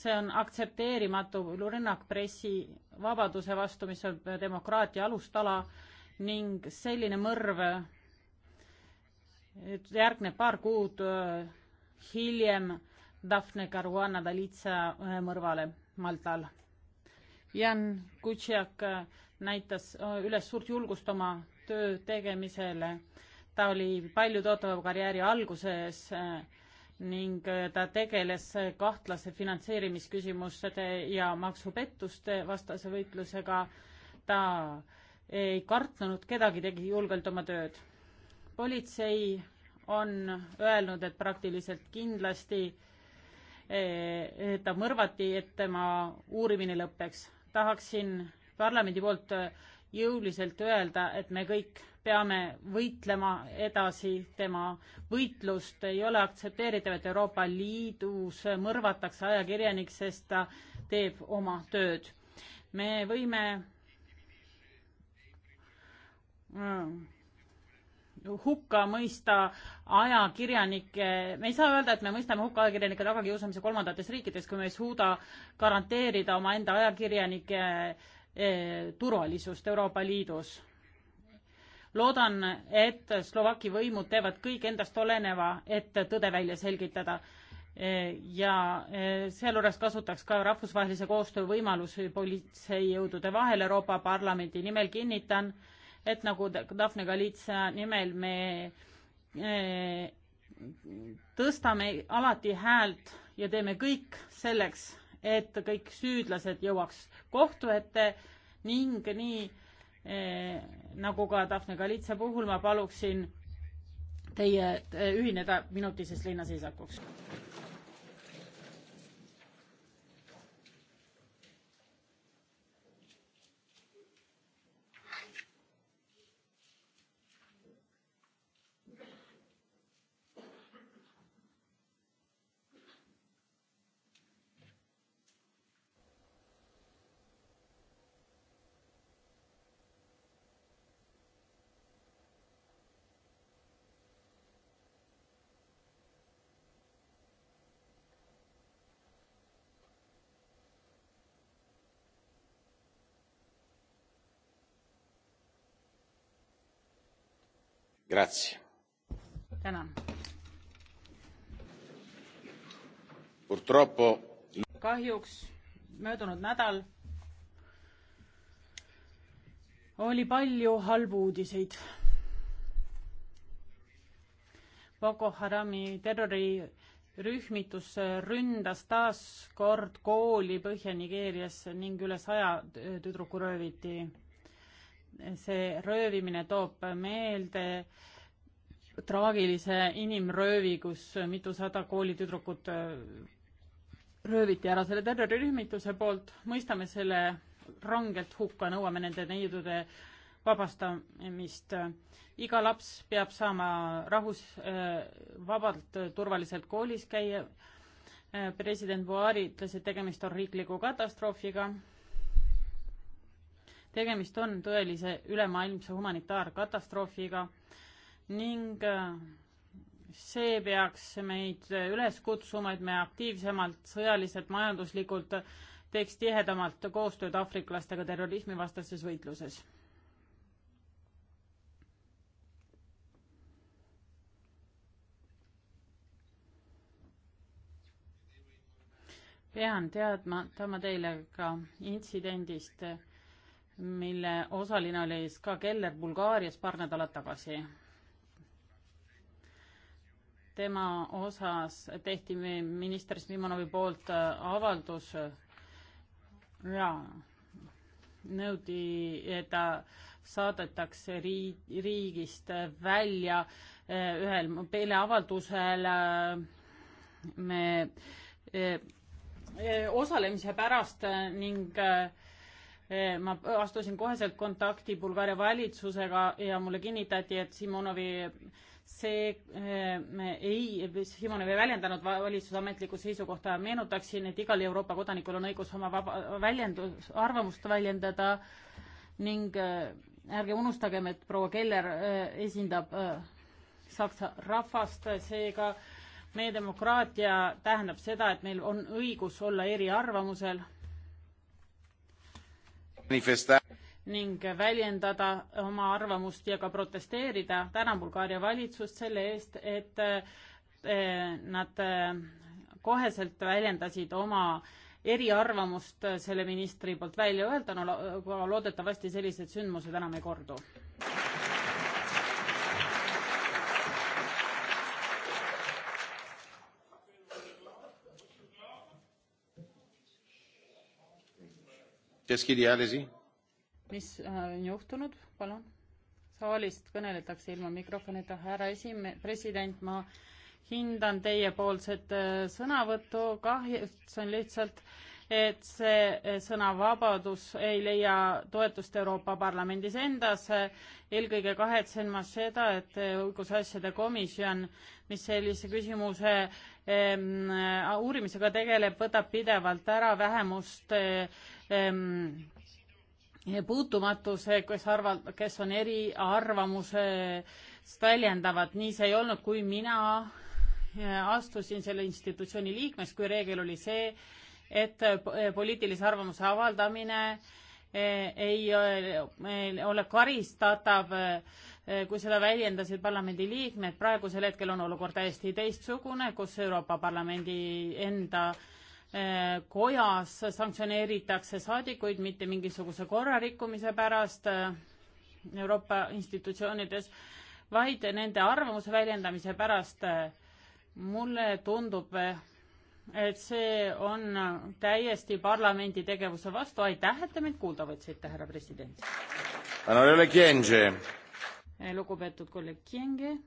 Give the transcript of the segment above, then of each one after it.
see on aktsepteerimatu rünnak pressivabaduse vastu, mis on demokraatia alustala ning selline mõrv järgneb paar kuud äh, hiljem Daphne Caruana Dalitsa äh, mõrvale Maltal. Jan Kutšak äh, näitas üles suurt julgust oma töö tegemisele. ta oli paljutõotava karjääri alguses äh, ning äh, ta tegeles kahtlase finantseerimisküsimuste ja maksupettuste vastase võitlusega. ta ei kartnud kedagi, tegi julgelt oma tööd. politsei on öelnud, et praktiliselt kindlasti eh, ta mõrvati, et tema uurimine lõpeks. tahaksin parlamendi poolt jõuliselt öelda, et me kõik peame võitlema edasi, tema võitlust ei ole aktsepteeritav, et Euroopa Liidus mõrvatakse ajakirjanik, sest ta teeb oma tööd. me võime äh, hukka mõista ajakirjanikke, me ei saa öelda, et me mõistame hukka ajakirjanike tagakiusamise kolmandates riikides, kui me ei suuda garanteerida omaenda ajakirjanike äh, Eh, turvalisust Euroopa Liidus. loodan, et Slovaki võimud teevad kõik endast oleneva, et tõde välja selgitada eh, ja eh, sealjuures kasutaks ka rahvusvahelise koostöö võimalusi politseijõudude vahel Euroopa Parlamendi nimel kinnitan, et nagu Daphne Galitsa nimel me tõstame alati häält ja teeme kõik selleks, et kõik süüdlased jõuaks kohtu ette ning nii eh, nagu ka Daphne Galitsa puhul ma paluksin teie eh, ühineda minutises linnaseisakuks. tänan. kahjuks möödunud nädal oli palju halbu uudiseid. Boko Harami terrorirühmitus ründas taas kord kooli Põhja-Nigeerias ning üle saja tüdruku rööviti see röövimine toob meelde traagilise inimröövi, kus mitusada koolitüdrukut äh, rööviti ära selle terrorirühmituse poolt, mõistame selle rangelt hukka, nõuame nende neiudude vabastamist. iga laps peab saama rahus, äh, vabalt, äh, turvaliselt koolis käia. president Buhari ütles, et tegemist on riikliku katastroofiga tegemist on tõelise ülemaailmse humanitaarkatastroofiga ning äh, see peaks meid üles kutsuma, et me aktiivsemalt, sõjaliselt, majanduslikult teeks tihedamalt koostööd aafriklastega terrorismivastases võitluses. pean teadma, teadma teile ka intsidendist mille osaline oli Ska Keller Bulgaarias paar nädalat tagasi. tema osas tehti minister Smimonovi poolt äh, avaldus ja nõudi, et ta saadetakse riig-, riigist välja äh, ühel meeleavaldusel äh, me osalemise pärast ning äh, Eh, ma astusin koheselt kontakti Bulgaaria valitsusega ja mulle kinnitati, et Simonovi see eh, me ei, Simonovi ei väljendanud valitsuse ametlikku seisukohta, meenutaksin, et igal Euroopa kodanikul on õigus oma vaba, väljendus, arvamust väljendada ning eh, ärge unustagem, et proua Keller esindab Saksa rahvast, seega meie demokraatia tähendab seda, et meil on õigus olla eriarvamusel ning väljendada oma arvamust ja ka protesteerida. tänan Bulgaaria valitsust selle eest, et eh, nad eh, koheselt väljendasid oma eriarvamust selle ministri poolt välja öelduna, loodetavasti sellised sündmused enam ei kordu. mis äh, on juhtunud, palun? saalist kõneletakse ilma mikrofonita, härra esime-, president, ma hindan teiepoolset äh, sõnavõttu, kahjuks on lihtsalt, et see äh, sõnavabadus ei leia toetust Euroopa Parlamendis endas. eelkõige kahetsen ma seda, et õigusasjade komisjon, mis sellise küsimuse uurimisega tegeleb, võtab pidevalt ära vähemuste Ehm, puutumatuse, kes arvab, kes on eriarvamusest väljendavad, nii see ei olnud, kui mina eh, astusin selle institutsiooni liikmeks, kui reegel oli see, et eh, eh, poliitilise arvamuse avaldamine ei ole karistatav, kui seda väljendasid parlamendiliikmed. praegusel hetkel on olukord täiesti teistsugune, kus Euroopa Parlamendi enda äh, Äh, kojas sanktsioneeritakse saadikuid mitte mingisuguse korrarikkumise pärast äh, Euroopa institutsioonides, vaid nende arvamuse väljendamise pärast. mulle tundub, et see on täiesti parlamendi tegevuse vastu. aitäh, et te mind kuulda võtsite, härra president. lugupeetud kolleeg Kienge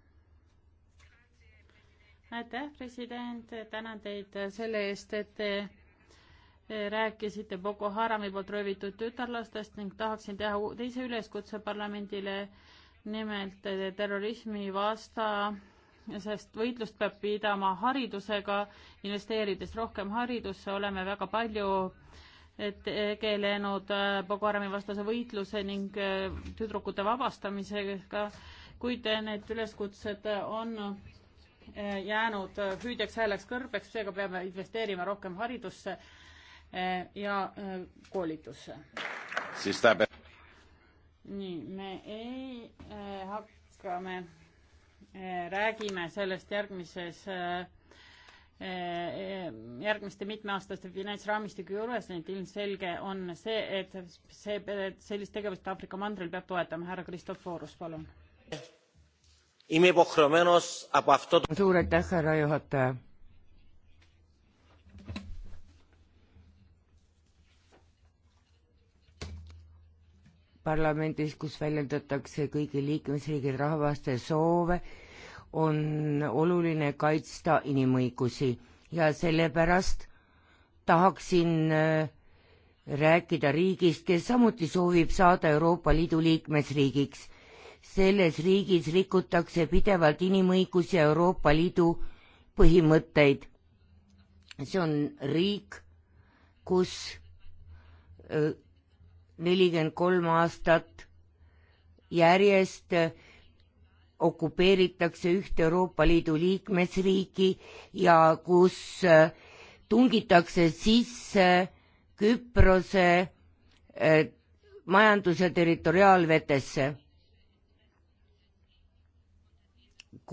aitäh, president, tänan teid selle eest, et te eh, rääkisite Boko Harami poolt röövitud tütarlastest ning tahaksin teha teise üleskutse parlamendile, nimelt eh, terrorismi vasta sest võitlust peab pidama haridusega, investeerides rohkem haridusse, oleme väga palju eh, tegelenud Boko Harami vastase võitluse ning tüdrukute vabastamisega, kuid need üleskutsed on Eh, jäänud eh, hüüdjaks hääleks kõrbeks, seega peame investeerima rohkem haridusse eh, ja koolitusse. siis tähendab. nii, me ei hakka, me räägime sellest järgmises järgmiste mitmeaastaste finantsraamistiku juures, nii et ilmselge on see, et see, sellist tegevust Aafrika mandril peab toetama. härra Kristoforus, palun suur aitäh, härra juhataja. parlamendis, kus väljendatakse kõigi liikmesriigid rahvaste soove, on oluline kaitsta inimõigusi ja sellepärast tahaksin äh, rääkida riigist, kes samuti soovib saada Euroopa Liidu liikmesriigiks selles riigis rikutakse pidevalt inimõigusi Euroopa Liidu põhimõtteid. see on riik, kus nelikümmend kolm aastat järjest okupeeritakse üht Euroopa Liidu liikmesriiki ja kus tungitakse sisse Küprose majandus- ja territoriaalvetesse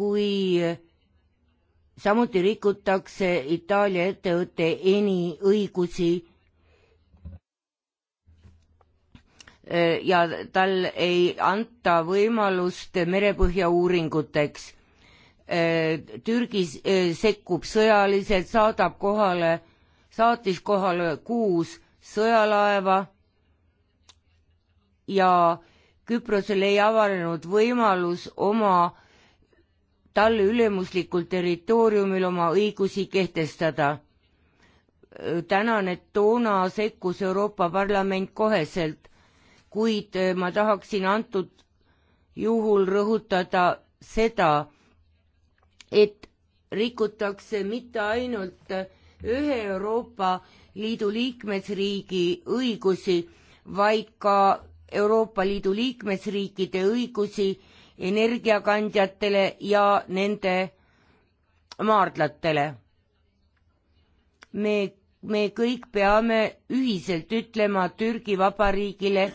kui samuti rikutakse Itaalia ettevõtte eni õigusi ja tal ei anta võimalust merepõhja uuringuteks. Türgi eh, sekkub sõjaliselt, saadab kohale, saatis kohale kuus sõjalaeva ja Küprosel ei avanenud võimalus oma äh, talle ülemuslikul territooriumil oma õigusi kehtestada. tänan, et toona sekkus Euroopa Parlament koheselt, kuid eh, ma tahaksin antud juhul rõhutada seda, et rikutakse mitte ainult eh, ühe Euroopa Liidu liikmesriigi õigusi, vaid ka Euroopa Liidu liikmesriikide õigusi energiakandjatele ja nende maardlatele. me, me kõik peame ühiselt ütlema Türgi Vabariigile,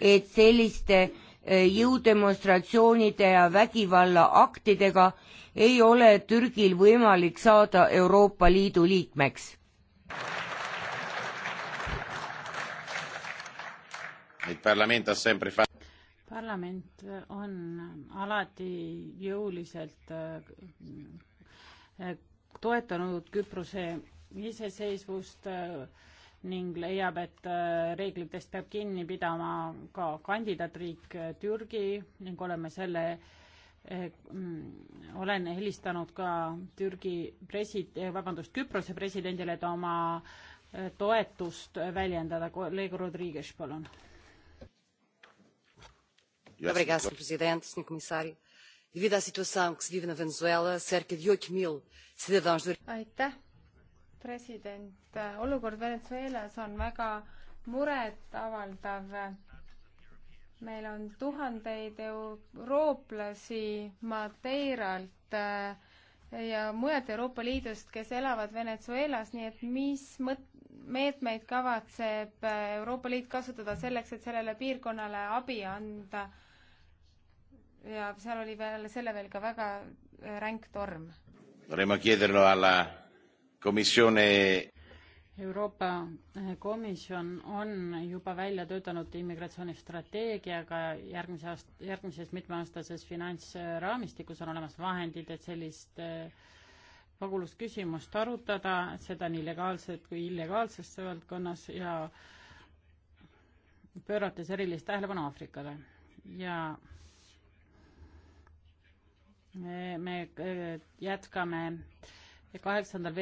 et selliste eh, jõudemonstratsioonide ja vägivallaaktidega ei ole Türgil võimalik saada Euroopa Liidu liikmeks. il Parlamento ha sempre fatto parlament on alati jõuliselt äh, toetanud Küprose iseseisvust äh, ning leiab, et äh, reeglitest peab kinni pidama ka kandidaatriik Türgi ning oleme selle, mm, olen helistanud ka Türgi presi-, vabandust, Küprose presidendile, et oma toetust väljendada. kolleeg Rodriguez, palun Obrigada, Sr. Presidente, Sr. Comissário. Devido à situação que se vive na Venezuela, cerca de 8 mil cidadãos do... Aitäh, president. Olukord Venezuelas on väga muret avaldav. Meil on tuhandeid eurooplasi Madeiralt eh, ja mujalt Euroopa Liidust, kes elavad Venezuelas, nii et mis mõt-, meetmeid kavatseb eh, Euroopa Liit kasutada selleks, et sellele piirkonnale abi anda? ja seal oli peale selle veel ka väga äh, ränk torm. Euroopa äh, Komisjon on juba välja töötanud immigratsioonistrateegiaga järgmise aast-, järgmises mitmeaastases finantsraamistikus on olemas vahendid, et sellist äh, pagulusküsimust arutada, seda nii legaalset kui illegaalses valdkonnas ja pöörates erilist tähelepanu Aafrikale. ja me äh, jätkame kaheksandal